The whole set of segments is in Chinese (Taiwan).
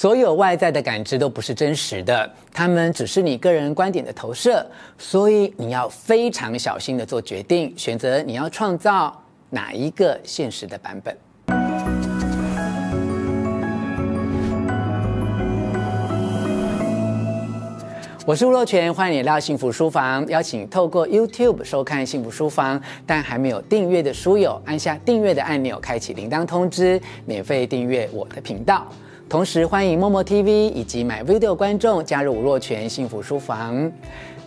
所有外在的感知都不是真實的，他們只是你個人觀點的投射，所以你要非常小心地做決定，選擇你要創造哪一個現實的版本。嗯、我是吳若權，歡迎你來到幸福書房。邀請透過 YouTube 收看幸福書房，但還沒有訂閱的書友，按下訂閱的按鈕，開啟鈴鐺通知，免費訂閱我的頻道。同時歡迎 MOMO TV 以及 MyVideo 觀眾加入吳若權幸福書房。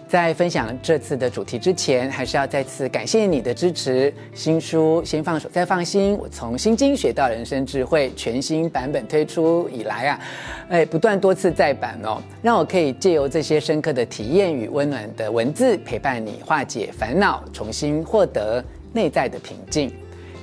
在分享這次的主題之前，還是要再次感謝你的支持。新書《先放手，再放心》，我從《心經》學到人生智慧，全新版本推出以來啊，哎，不斷多次再版哦，讓我可以借由這些深刻的體驗與溫暖的文字，陪伴你化解煩惱，重新獲得內在的平靜。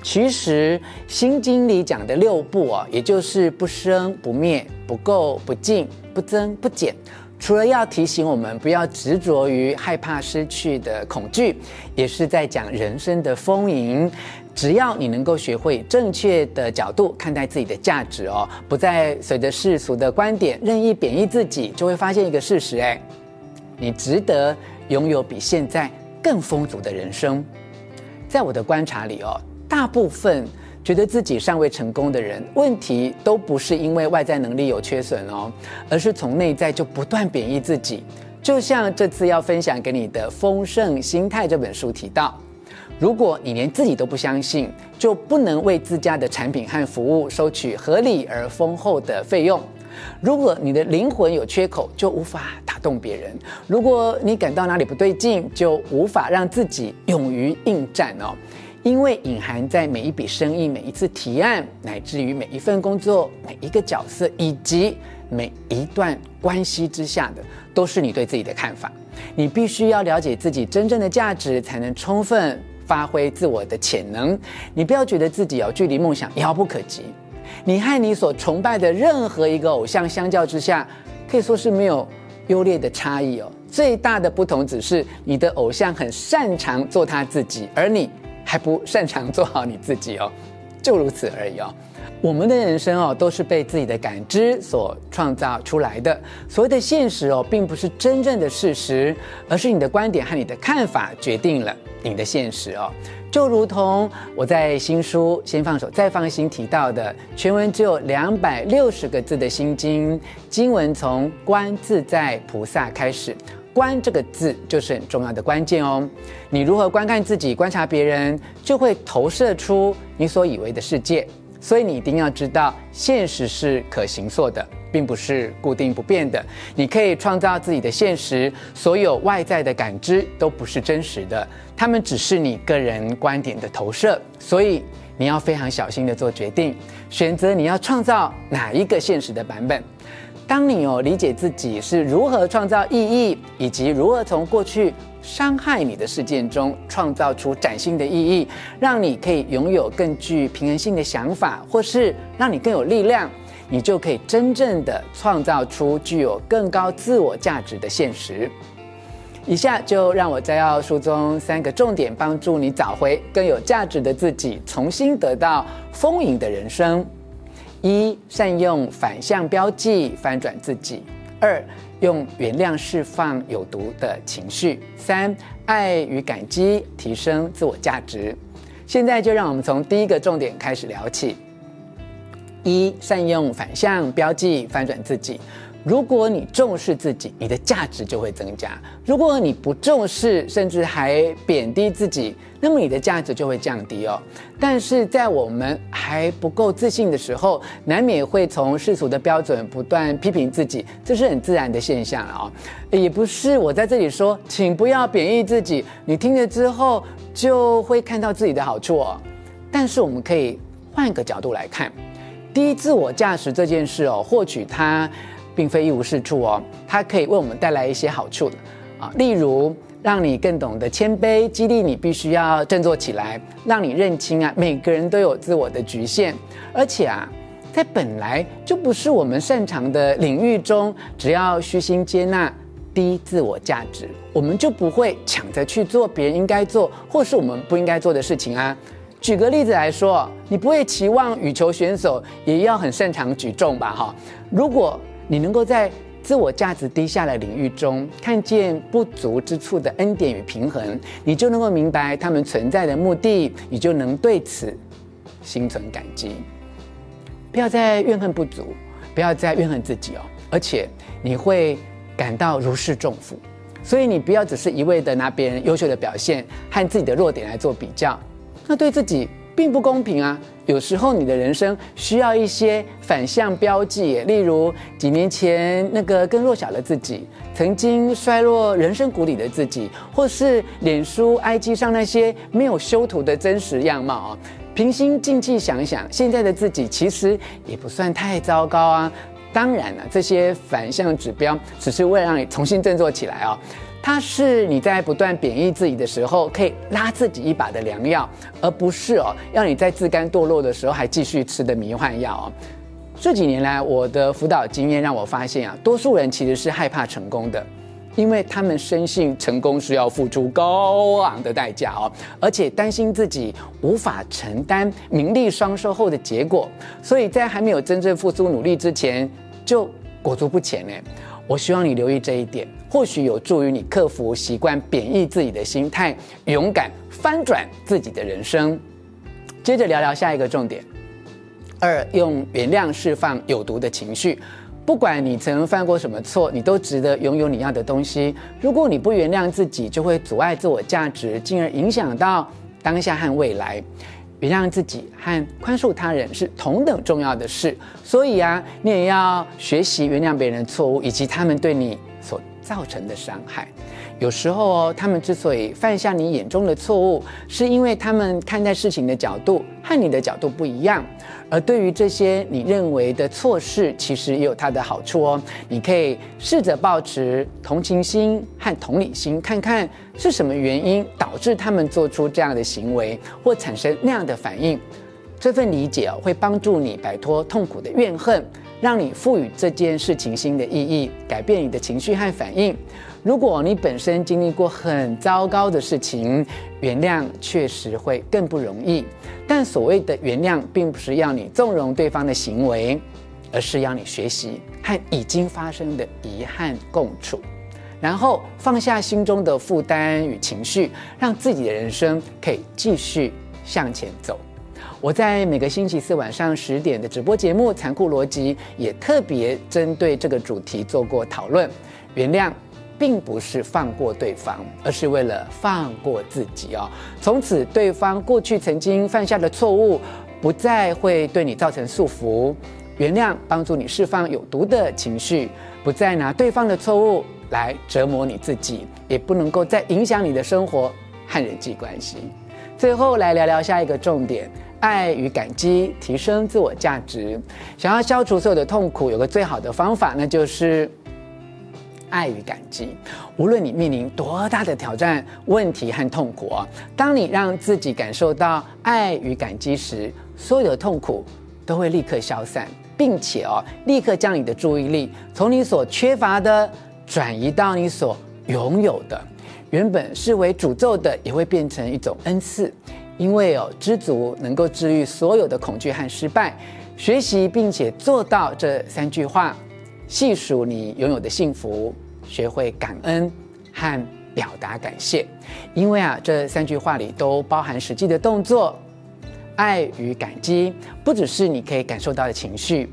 其實《心經》裡講的六不，哦，也就是不生不滅、不垢不淨、不增不減，除了要提醒我們不要執着於害怕失去的恐懼，也是在講人生的豐盈。只要你能夠學會正確的角度看待自己的價值哦，不再隨着世俗的觀點任意貶抑自己，就會發現一個事實：哎，你值得擁有比現在更豐足的人生。在我的觀察裡哦。大部分覺得自己尚未成功的人，問題都不是因為外在能力有缺損哦，而是從內在就不斷貶抑自己。就像這次要分享給你的《豐盛心態》這本書提到，如果你連自己都不相信，就不能為自家的產品和服務收取合理而豐厚的費用；如果你的靈魂有缺口，就無法打動別人；如果你感到哪裡不對勁，就無法讓自己勇於應戰哦。因為隱含在每一筆生意、每一次提案，乃至於每一份工作、每一個角色，以及每一段關係之下的，都是你對自己的看法。你必須要了解自己真正的價值，才能充分發揮自我的潛能。你不要覺得自己有距離夢想遙不可及。你和你所崇拜的任何一個偶像相較之下，可以說是沒有優劣的差異哦。最大的不同只是你的偶像很擅長做他自己，而你，還不擅長做好你自己哦，就如此而已哦。我們的人生哦，都是被自己的感知所創造出來的。所謂的現實哦，並不是真正的事實，而是你的觀點和你的看法決定了你的現實哦。就如同我在新書《先放手，再放心》提到的，全文只有兩百六十個字的心經，經文從觀自在菩薩開始。觀這個字就是很重要的關鍵哦。你如何觀看自己、觀察別人，就會投射出你所以為的世界。所以你一定要知道，現實是可形塑的，並不是固定不變的。你可以創造自己的現實，所有外在的感知都不是真實的，它們只是你個人觀點的投射。所以你要非常小心地做決定，選擇你要創造哪一個現實的版本。當你有理解自己是如何創造意義，以及如何從過去傷害你的事件中創造出嶄新的意義，讓你可以擁有更具平衡性的想法，或是讓你更有力量，你就可以真正的創造出具有更高自我價值的現實。以下就讓我摘要書中三個重點，幫助你找回更有價值的自己，重新得到豐盈的人生。一、善用反向標記翻轉自己；二、用原諒釋放有毒的情緒；三、愛與感激提升自我價值。現在就讓我們從第一個重點開始聊起：一、善用反向標記翻轉自己。如果你重視自己，你的價值就會增加；如果你不重視，甚至還貶低自己，那麼你的價值就會降低哦。但是在我們還不夠自信的時候，難免會從世俗的標準不斷批評自己，這是很自然的現象啊、哦。也不是我在這裡說，請不要貶抑自己，你聽了之後就會看到自己的好處哦。但是我們可以換個角度來看，低自我價值這件事哦，獲取它。並非一無是處哦，它可以為我們帶來一些好處，啊、哦，例如讓你更懂得謙卑，激勵你必須要振作起來，讓你認清啊，每個人都有自我的局限，而且啊，在本來就不是我們擅長的領域中，只要虛心接納、低自我價值，我們就不會搶着去做別人應該做或是我們不應該做的事情啊。舉個例子來說，你不會期望羽球選手也要很擅長舉重吧？哈、哦，如果。你能夠在自我價值低下的領域中看見不足之處的恩典與平衡，你就能夠明白他們存在的目的，你就能對此心存感激。不要再怨恨不足，不要再怨恨自己哦，而且你會感到如釋重負。所以你不要只是一味的拿別人優秀的表現和自己的弱點來做比較，那對自己。並不公平啊！有時候你的人生需要一些反向標記，例如幾年前那個更弱小的自己，曾經摔落人生谷底的自己，或是臉書 IG 上那些沒有修圖的真實樣貌啊、哦！平心靜氣想想，現在的自己其實也不算太糟糕啊！當然了、啊，這些反向指標只是為了讓你重新振作起來哦。它是你在不斷貶抑自己的時候，可以拉自己一把的良藥，而不是哦，要你在自甘墮落的時候還繼續吃的迷幻藥哦。這幾年來，我的輔導經驗讓我發現啊，多數人其實是害怕成功的，因為他們深信成功是要付出高昂的代價哦，而且擔心自己無法承擔名利雙收後的結果，所以在還沒有真正付出努力之前就裹足不前呢。我希望你留意這一點，或許有助於你克服習慣貶抑，貶抑自己的心態，勇敢翻轉自己的人生。接着聊聊下一個重點：二，用原諒釋放有毒的情緒。不管你曾犯過什麼錯，你都值得擁有你要的東西。如果你不原諒自己，就會阻礙自我價值，進而影響到當下和未來。原諒自己和寬恕他人是同等重要的事，所以啊，你也要學習原諒別人的錯誤，以及他們對你所造成的傷害。有時候哦，他們之所以犯下你眼中的錯誤，是因為他們看待事情的角度和你的角度不一樣。而對於這些你認為的錯事，其實也有它的好處哦。你可以試着保持同情心和同理心，看看是什麼原因導致他們做出這樣的行為或產生那樣的反應。這份理解會幫助你擺脫痛苦的怨恨。讓你賦予這件事情新的意義，改變你的情緒和反應。如果你本身經歷過很糟糕的事情，原諒確實會更不容易。但所謂的原諒，並不是要你縱容對方的行為，而是要你學習和已經發生的遺憾共處，然後放下心中的負擔與情緒，讓自己的人生可以繼續向前走。我在每個星期四晚上十點的直播節目《殘酷邏輯》也特別針對這個主題做過討論。原諒，並不是放過對方，而是為了放過自己哦。從此，對方過去曾經犯下的錯誤，不再會對你造成束縛。原諒幫助你釋放有毒的情緒，不再拿對方的錯誤來折磨你自己，也不能夠再影響你的生活和人際關係。最後，來聊聊下一個重點。愛與感激，提升自我價值。想要消除所有的痛苦，有個最好的方法，那就是愛與感激。無論你面臨多大的挑戰、問題和痛苦，哦，當你讓自己感受到愛與感激時，所有的痛苦都會立刻消散，並且哦，立刻將你的注意力從你所缺乏的轉移到你所擁有的，原本視為詛咒的也會變成一種恩賜。因為哦，知足能夠治癒所有的恐懼和失敗。學習並且做到這三句話：細數你擁有的幸福，學會感恩和表達感謝。因為啊，這三句話裡都包含實際的動作，愛與感激，不只是你可以感受到的情緒，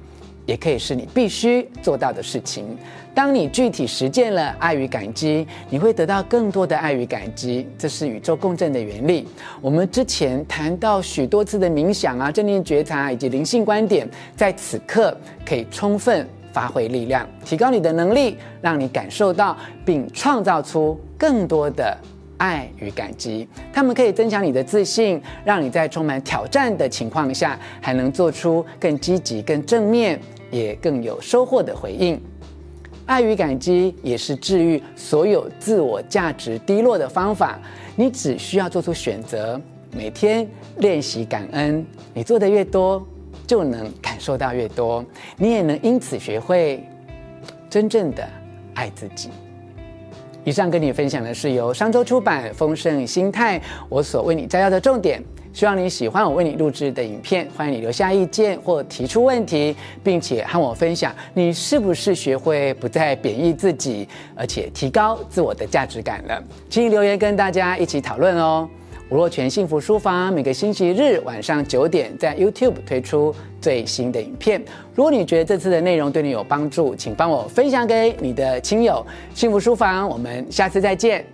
也可以是你必須做到的事情。當你具體實踐了愛與感激，你會得到更多的愛與感激，這是宇宙共振的原理。我們之前談到許多次的冥想啊、正念覺察啊、以及靈性觀點，在此刻可以充分發揮力量，提高你的能力，讓你感受到並創造出更多的愛與感激。他們可以增強你的自信，讓你在充滿挑戰的情況下還能做出更積極、更正面。也更有收穫的回應，愛與感激，也是治癒所有自我價值低落的方法。你只需要做出選擇，每天練習感恩。你做的越多，就能感受到越多，你也能因此學會真正的愛自己。以上跟你分享的是由商周出版《豐盛心態》，我所為你摘要的重點。希望你喜歡我為你錄製的影片，歡迎你留下意見或提出問題，並且和我分享你是不是學會不再貶抑自己，而且提高自我的價值感了。請留言跟大家一起討論哦。吳若權幸福書房每個星期日晚上九點在 YouTube 推出最新的影片。如果你覺得這次的內容對你有幫助，請幫我分享給你的親友。幸福書房，我們下次再見。